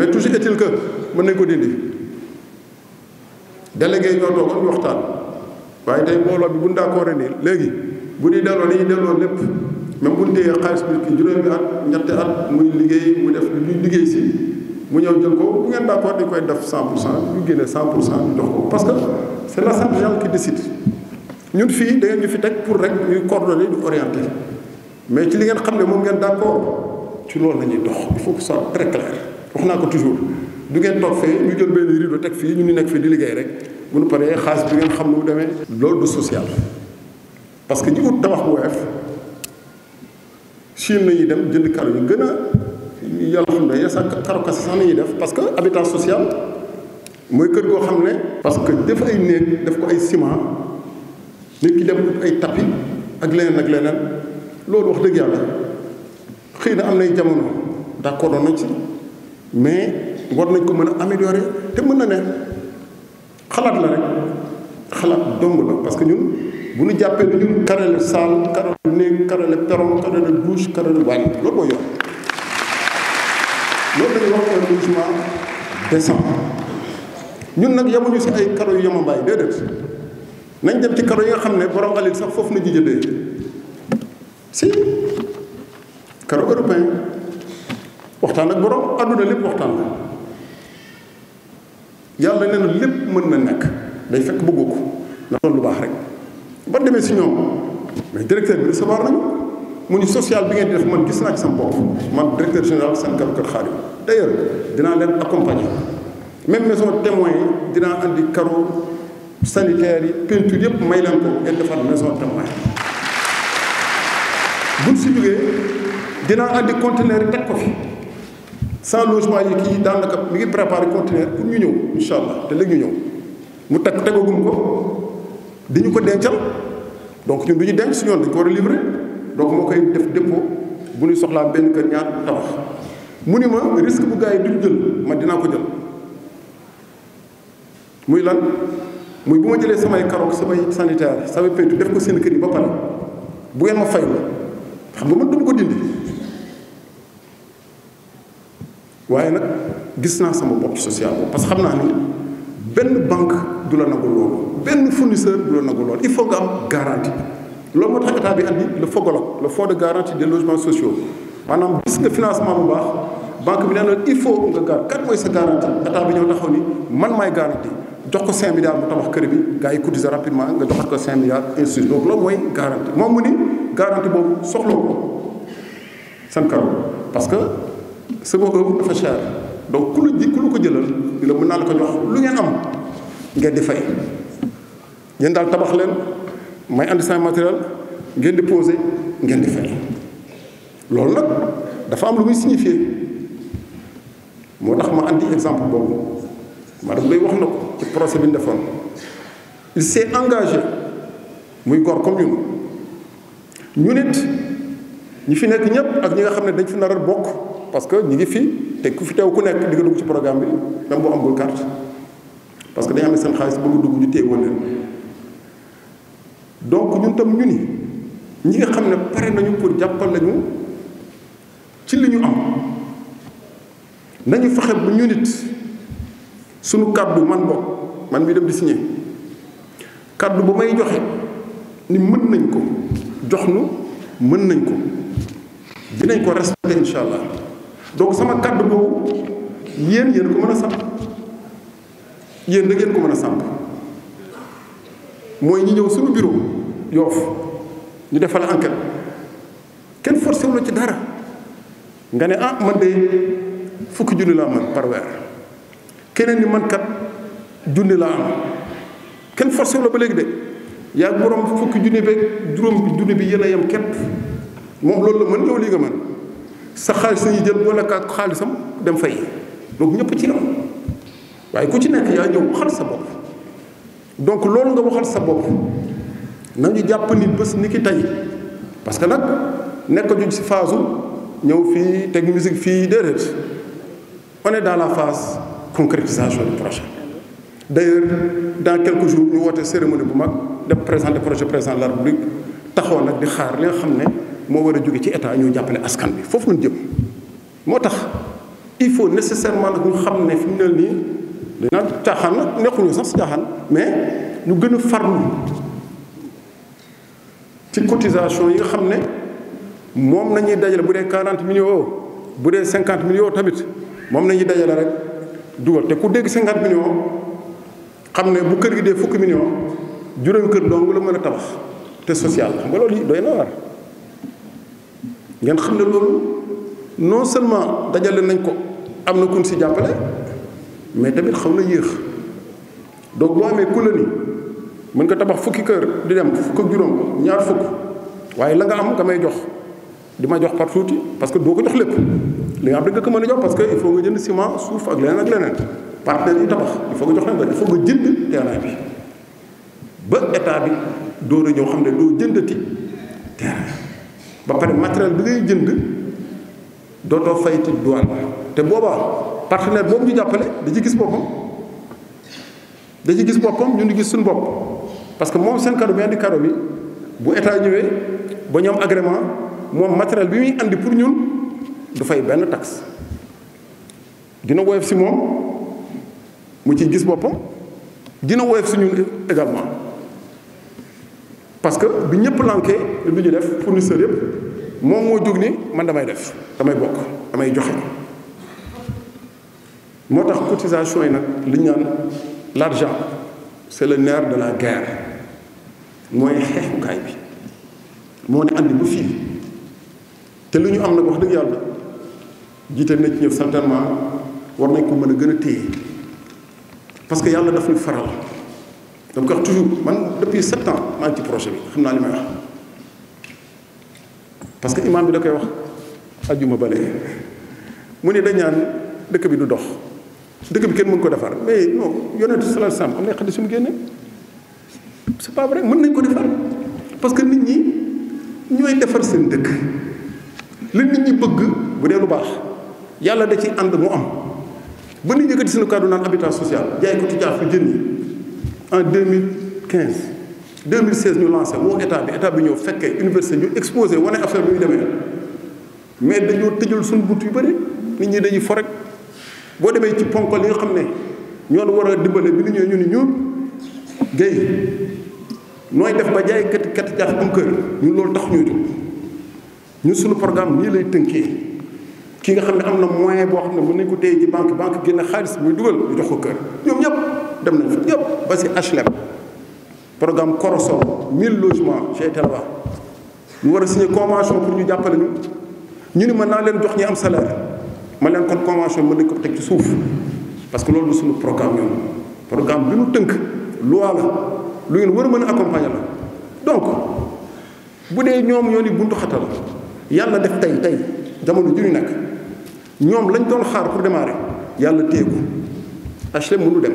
mais toujours est-il que mën nañ ko dindi délégué ñoo toogoon ñu waxtaan waaye tey mbooloo bi bu ñu d'accord nii léegi bu di delloo dañuy delloo lépp même bu ñu téyee xaalis bi ki juróomi at ñetti at muy liggéey mu def luy liggéey si mu ñëw jël ko bu ngeen d'accord di koy def 100 pour cent ñu génne 100 pour cent ñu jox parce que c'est l'Assemblée di décide ñun fii da ngeen ñu fi teg pour rek ñuy coordonner ñu orienter mais ci li ngeen xam ne moom ngeen d'accord ci loolu la ñuy dox il faut que wax naa ko toujours du ngeen toog fee ñu jël benn rido teg fii ñu ni nekk fii di liggéey rek bu ñu paree xaalis bi ngeen xam nu mu demee. loolu du social parce que ñu ut tabax bu woyof Chine yi dem jënd karo yu gën a yàlla xam ne sax karo kase sax nañuy def parce que habitat social mooy kër goo xam ne. parce que def ay néeg def ko ay ciment nit ki dem ay tapis ak leneen ak leneen loolu wax dëgg yàlla xëy na am nay jamono d'accord nañ ci. mais war nañ ko mën a améliorer te mën na ne xalaat la rek xalaat dong la parce que ñun bu ñu jàppee ni ñun karale salle karale néeg karale perron karale douche karale waañ loolu boo yoon loolu dañuy wax un logement décent ñun nag yemuñu si ay karo yu yemambaay déedéet nañ dem ci karo yi nga xam ne borom alil sax foofu na ji jëndee si karo européen waxtaan ak borom àdduna lépp waxtaan la yàlla nee lépp mën na nekk day fekk bëggu ko na doon lu baax rek ba demee si ñoom mais directeur bi recevoir nañu mu ni social bi ngeen di def man gis naa ci sama bopp man directeur général seen kër kër xaar dinaa leen accompagner même maison témoin dinaa andi carreau sanitaire yi peinture yëpp may leen ko ngeen defar maison témoin buñ si jógee dinaa andi conteneur yi teg ko fi sans logement yi kii daanaka mi ngi préparé conteneur pour ñu ñëw incha allah te léegi ñu ñëw mu teg tegagum ko di ñu ko dencal donc ñun du ñu denc suñu yoon dañu ko war donc moo koy def dépôt bu ñuy soxlaa benn kër ñaar tabax mu ni ma risque bu gars yi ñu jël ma dinaa ko jël muy lan muy bu ma jëlee samay karoog samay sanitaire samay peinture def ko seen kër yi ba pare bu ngeen ma fay la xam nga man dama ko dindi waaye nag gis naa sama bopp ci social boobu parce que xam naa ni benn banque du la nangu loolu benn fournisseur du la nangu loolu il faut nga am garantie loolu moo tax état bi andi le FOGOLOG le fonds de garantie des logements sociaux maanaam gis nga financement bu baax banque bi nee na il faut nga gar kat mooy sa garantie état bi ñëw taxaw ni man maay garantie jox ko 5 milliards mu tabax kër bi gars yi cotiser rapidement nga joxat ko 5 milliards institut donc loolu mooy garantie moom mu ni garantie boobu soxla ko seen kaw parce que sama œuvre dafa cher donc ku la ji ku la ko jëlal di la mën naa la ko jox lu ngeen am ngeen di fay ngeen daal tabax leen may andi seen matériel ngeen di posé ngeen di fay loolu nag dafa am lu muy signifié moo tax ma andi exemple boobu maa daf lay wax na ko ci procès bi ñu defoon il s'est engagé muy gor comme ñun ñu nit ñi fi nekk ñëpp ak ñi nga xam ne dañ fi nar a bokk parce que ñi ngi fi te ku fi teew ku nekk di nga dugg ci programme bi même boo amul carte parce que dañu amee seen xaalis bëgg dugg ñu téye woon leen donc ñun tam ñu ni ñi nga xam ne pare nañu pour jàppal nañu ci li ñu am nañu fexe bu ñu nit suñu kàddu man bokk man bii dem di signé kàddu bu may joxe ni mën nañ ko jox nu mën nañ ko dinañ ko respecté incha allah donc sama kàddu boobu yéen yéen ko mën a sàmp yéen da ngeen ko mën a sàmp mooy ñi ñëw suñu bureau yoof ñu defal enquête kenn forcé wu la ci dara nga ne ah man de fukki junni laa man par weer keneen ni man junni laa am kenn forcé la ba léegi de yaa borom fukki junni beeg juróom junni bi yéen a yem képp moom loolu la mën yow lii nga mën sa xaalis nañu jël boole xaalisam dem fay donc ñëpp ci yam waaye ku ci nekk yaa ñëw waxal sa bopp donc loolu nga waxal sa bopp nañu jàpp ni bés ni ki tey parce que nag nekk juñ si phase ñëw fii teg fii déedéet on est dans la phase concrétisation du projet d'ailleurs dans quelques jours ñu woote cérémonie bu mag def présenter projet président de la République taxaw nag di xaar li nga xam ne moo war a jóge ci état ñoo jàppale askan bi foofu lañ jëm moo tax il faut nécessairement nag ñu xam ne fi mu ne nii dañ naan caaxaan nekkuñu sax si mais ñu gën a farlu ci cotisation yi xam ne moom nañuy dajale bu dee 40 millions bu dee 50 millions tamit moom nañuy dajale rek dugal te ku dégg 50 millions xam ne bu kër gi dee fukki millions juróomi kër dong la mën a tabax te social xam nga loolu yi doy na waar ngeen xam ne loolu non seulement dajale nañ ko am na kun si jàppale mais tamit xaw na yéex donc boo amee colonie mën nga tabax fukki kër di dem fukk ak juróom ñaar fukk waaye la nga am nga may jox di ma jox par tuuti parce que doo ko jox lépp li nga am rek nga ko mën a jox parce que il faut nga jënd ciment suuf ak leneen ak leneen partenaires yi tabax il faut nga jox leen ba jënd terrain bi ba état bi doo na xam ne doo jëndati terrain. ba pare matériel bi ngay jënd dootoo fay ci douane te booba partenaire boobu ñu jàppale da gis boppam dañuy gis boppam ñu ngi gis suñu bopp parce que moom seen kado bi indi kado bi bu état ñëwee ba ñoom agrément moom matériel bi muy andi pour ñun du benn taxe dina woyof si moom mu ci gis boppam dina woyof si ñun également parce que bi ñëpp lànkee lu ñu def fournisseur yëpp moom moo jóg ni man damay def damay bokk damay joxe moo tax cotisation yi nag li ñu naan l'argent c'est le nerf de la guerre mooy xeexukaay bi moo ne andi bu fii te lu ñu am nag wax dëgg yàlla jiite na ci ñëw certainement war nañ ko mën a gën a téye parce que yàlla daf ñu faral dama ko wax toujours man depuis sept ans maa ngi ci projet bi xam naa li may wax parce que imaam bi da koy wax ajjuma bale mu ne dañ ñaan dëkk bi du dox dëkk bi kenn mën ko defar mais non yonent sallallahu alayhi wasallam am na xadis yu mu génne c'est pas vrai mën nañ ko defar parce que nit ñi ñooy defar seen dëkk li nit ñi bëgg bu dee lu baax yàlla da ci ànd mu am ba nit ñi seen kàddu naan habitat social jaay ko ci jaaf fi jën yi en 2015 2016 ñu lancé woo état bi état bi ñëw fekkee université ñu exposé wane affaire bi ñu demee mais dañoo tëjal suñu but yu bëri nit ñi dañuy fo boo demee ci ponk li nga xam ne ñoo war a dimbale bi ñu ñëwee ñu ni ñun géy nooy def ba jaay kati kati jaax am kër ñun loolu tax ñuy jóg ñun suñu programme nii lay tënkee ki nga xam ne am na moyen boo xam ne mën nekku ko téye ci banque banque génne xaalis muy dugal ñu jox ko kër ñoom ñëpp dem nañ fi yëpp ba si HLM programme Corosol 1000 logements j'ai été ñu war a signer convention pour ñu jàppale ñu ñu ni mën naa leen jox ñi am salaire ma leen kon convention mën nañ ko teg ci suuf parce que loolu du suñu programme ñoom programme bi ñu tënk loi la lu ngeen war a mën a accompagner la donc bu dee ñoom yoon ni buntu xatal yàlla def tey tey jamono ju ñu nekk ñoom lañ doon xaar pour démarrer yàlla téye ko HLM dem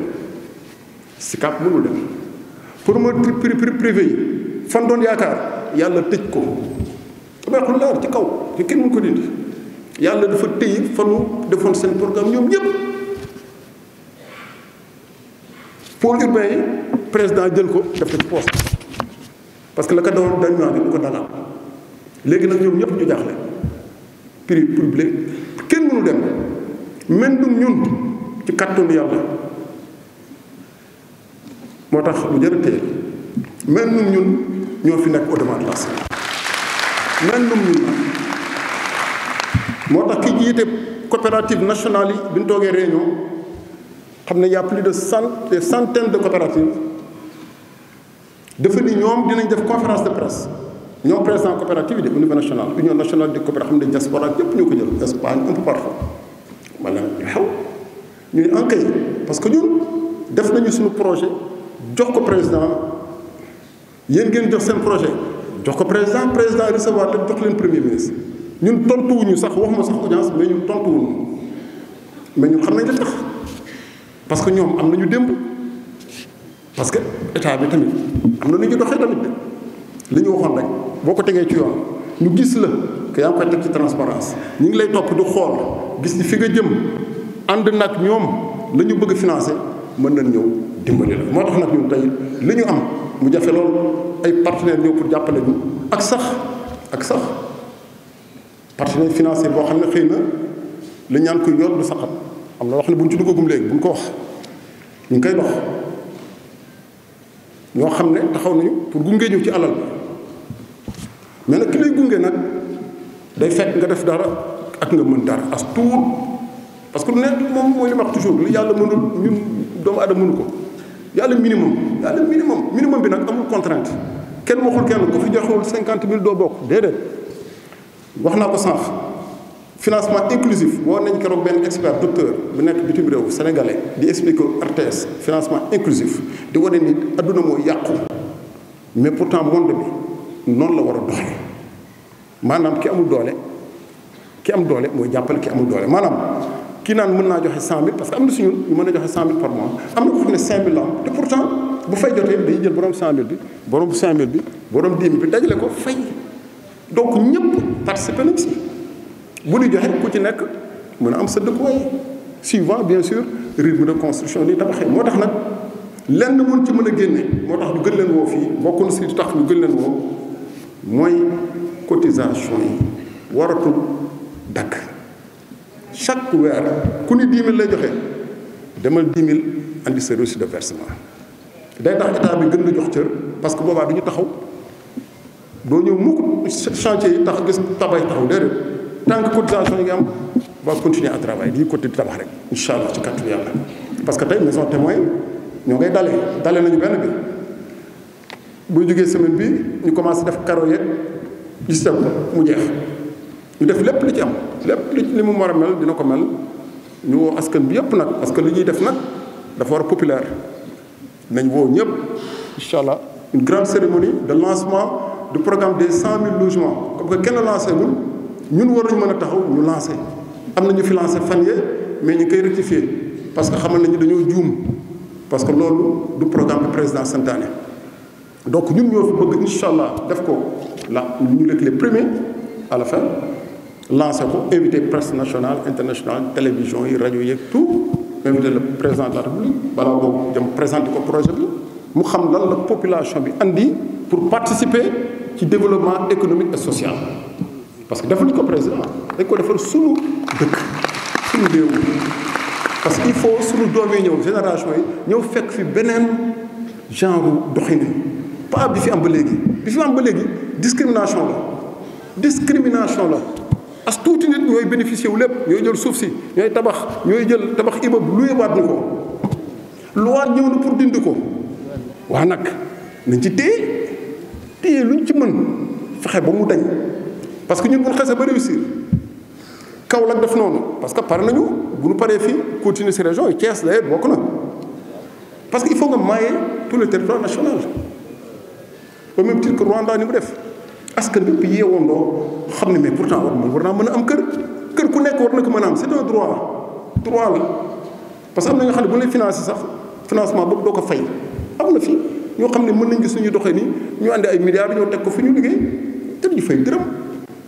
Sicap mënul dem promoteur privé yi fan doon yaakaar yàlla tëj ko tabaxul leer ci kaw kenn mu ko dindi yàlla dafa tëye fanu defoon seen programme ñoom ñëpp pôle urbain yi président jël ko def ko ci poste parce que la ko doon dañ maa bu ko dalal léegi nag ñoom ñëpp ñu jaaxle prix public kenn mënu dem mendum ñun ci kàttanu yàlla moo tax lu jar a téye mel ñun ñoo fi nekk automate las mel num ñun moo tax ki jiite coopérative nationale yi bi ñu toogee réunion xam ne y a plus de cent des centaines de coopératives dafa ni ñoom dinañ def conférence de presse ñoom président coopérative yi de au national union nationale des coopératives xam ne diaspora yépp ñoo ko jël Espagne un peu partout maanaam xew ñu ne en parce que ñun def nañu suñu projet jox ko président yéen ngeen jox seen projet jox ko président président recevoir leen jox leen premier ministre ñun tontuwuñu sax wax ma sax audience mais ñun tontuwuñu mais ñun xam nañ la tax parce que ñoom am nañu démb parce que état bi tamit am na nu ñu doxee tamit li ñu waxoon rek boo ko tegee ci yoon ñu gis la que yaa ngi koy teg ci transparence ñu ngi lay topp du xool gis ni fi nga jëm ànd nag ñoom la bëgg financer mën nañ ñëw dimbali la moo tax nag ñun tey li ñu am mu jafe loolu ay partenaires ñëw pour jàppale ñu ak sax ak sax partenaire financier boo xam ne xëy na li ñaan koy yor du saxat am na wax ne bu ñu ci duggagum léegi bu ñu ko wax ñu ngi dox ñoo xam ne taxaw nañu pour gunge ñu ci alal mais nag ki gunge nag day fekk nga def dara ak nga mën dara as tuut parce que lu ne moom mooy li ma toujours li yàlla mënul ñun doomu aadama mënu ko yàlla a le minimum y a minimum minimum bi nag amul contrainte kenn waxul kenn ku fi joxewul cinquante mille doo bokk déedéet wax naa ko sànq financement inclusif woo nañ keroog benn expert docteur bu nekk bitim réew sénégalais di expliquer RTS financement inclusif di wane ni adduna moo yàqu mais pourtant monde bi noonu la war a doxe maanaam ki amul doole ki am doole mooy jàppale ki amul doole maanaam kii naan mën naa joxe cent mille parce que am na si ñun ñu mën a joxe cent mille par mois am na ko xam ne cinq mille pourtant bu fay jotee day jël borom bi borom cinq mille bi borom dix bi dajale ko fay donc ñëpp participer nañ si bu ñu joxe ku ci nekk mën a am sa dëkkuwaay suivant bien sûr rythme de construction ni tabaxee moo tax nag lenn mun ci mën a génne moo tax ñu gën leen woo fii bokk na si tax ñu gën leen woo mooy cotisation yi waratul dakk chaque weer ku ni 10 lay joxe demal 10 000 andi sa de versement day tax état bi gën la jox cër parce que boobaa du ñu taxaw doo ñëw mukk chantier yi tax gis tabax yi taxaw déedéet tant que cotisation yi nga am va continuer à travailler di côté tabax rek incha allah ci kàttu yàlla parce que tey maison témoin ñoo ngay dalee dalee nañu benn bi bu jógee semaine bi ñu commencé def karo yeeg gis mu jeex ñu def lépp li ci am lépp li li mu war a mel dina ko mel ñu woo askan bi yëpp nag parce que li ñuy def nag dafa war a populaire nañ woo ñëpp incha allah une grande cérémonie de lancement du programme des cent mille logements comme que kenn lancé wul ñun war nañu mën a taxaw ñu lancé am na ñu fi lancé fan yee mais ñu koy rectifier parce que xamal nañu dañoo juum parce que loolu du programme bi président santaane donc ñun ñoo fi bëgg incha allah def ko la ñu nekk les premiers à lancé ko éviter presse national internationale télévision yi rajo yeeg tout même de le président de la république balaa boobu dem présenter ko projet bi mu xam lan la population bi indi pour participer ci développement économique et social parce que defuñu ko président dañ ko defal sunu dëkk sunu réew parce que il faut sunu doom yi ñëw génération yi ñëw fekk fi beneen genre doxini pas bi fi am ba léegi bi fi am ba léegi discrimination la discrimination la as tuuti nit ñooy bénéficier wu lépp ñooy jël suuf si ñooy tabax ñooy jël tabax immeuble luy waat ñu ko luwaat ñëw na pour dindi ko waa nag nañ ci téye téye luñ ci mën fexe ba mu dañ parce que ñun bu ñu xasee ba def noonu parce que pare nañu bu ñu paree fii continuer si région yi Thiès la bokk na parce que il faut nga maaye tout le territoire national au même titre que Rwanda ni mu def. askan bépp yeewandoo xam ne mais pourtant war man war naa mën a am kër kër ku nekk war na ko mën a am c'est un droit droit la parce que am na nga xam ne bu lay financé sax financement boobu doo ko fay am xam ne mën nañ gis suñu doxee ni ñu àndi ay milliards ñoo teg ko fi ñu liggéey te ñu fay dërëm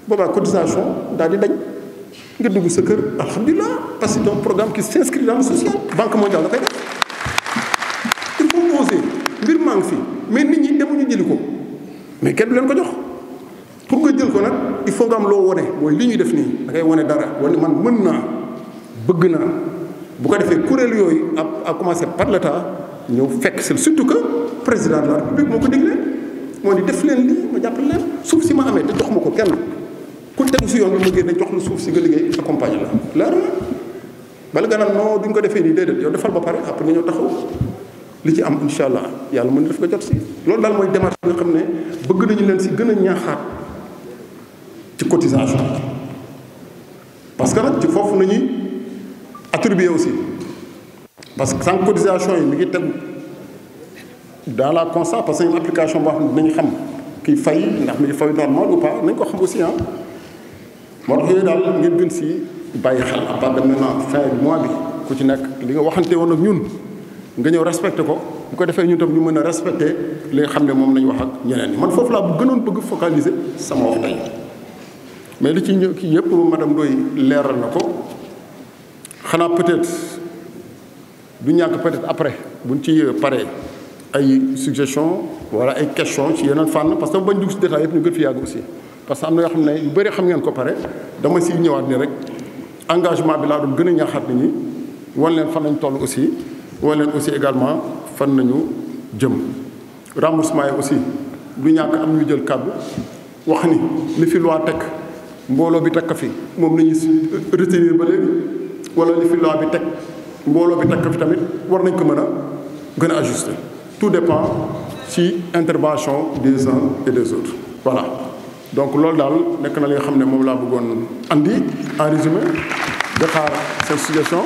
boobaa cotisation daal di dañ nga dugg sa kër alhamdulilah parce que c'est un programme qui s'inscrit dans le social banque mondiale da koy def il faut oser mbir maa ngi fi mais nit ñi demuñu jëli ko mais kenn du leen ko jox nga loo wone mooy li ñuy def nii da ngay wone dara wane man mën naa bëgg naa bu ko defee kuréel yooyu à commencer par l'état ñëw fekk si surtout que président de la république moo ko digle moo ni def leen lii ma jàppale leen suuf si ma amee te jox ma ko kenn ku tegu si yoon bi ma génne jox na suuf si nga liggéey accompagne la leer na bala nga naan non duñ ko defee nii déedéet yow defal ba pare après nga ñëw taxaw li ci am incha allah yàlla mën na def nga jot si loolu daal mooy démarche bi nga xam ne bëgg nañu leen si gën a ñaaxaat ci cotisation parce que nag ci foofu nañuy ñuy attribuer aussi parce que sans cotisation yi mi ngi tegu dans la constat parce que une application boo xam ne dinañ xam kiy fay ndax mi ngi fay nañ ko xam aussi ah moo tax yooyu daal ngeen gën si bàyyi xel à part de maintenant fin mois bi ku ci nekk li nga waxante woon ak ñun nga ñëw respecté ko bu ko defee ñun tam ñu mën a respecté li nga xam ne moom lañ wax ak ñeneen ñi man foofu laa bu gënoon bëgg focaliser sama wax tey mais li ci ñëw kii ma dem Ndoye leeral na ko xanaa peut-être du ñàkk peut-être après buñ ci paree ay suggestion wala ay question ci yeneen fànn parce que bañ dugg si détail yëpp ñu gën fi yàgg aussi parce que am na yoo xam ne yu bëri xam ngeen ko pare dama si ñëwaat nii rek engagement bi laa doon gën a ñaaxaat nit ñi wan leen fan lañ toll aussi wan leen aussi également fan nañu jëm remboursement yi aussi du ñàkk am ñu jël kàddu wax ni li fi loi teg mbooloo bi takk fi moom la ñuy retenir ba léegi wala li fi bi teg mbooloo bi takk fi tamit war nañ ko mën a gën a ajuster tout dépend ci intervention des uns et des autres voilà donc loolu daal nekk na li nga xam ne moom laa bëggoon andi en résumé de xaar seen suggestion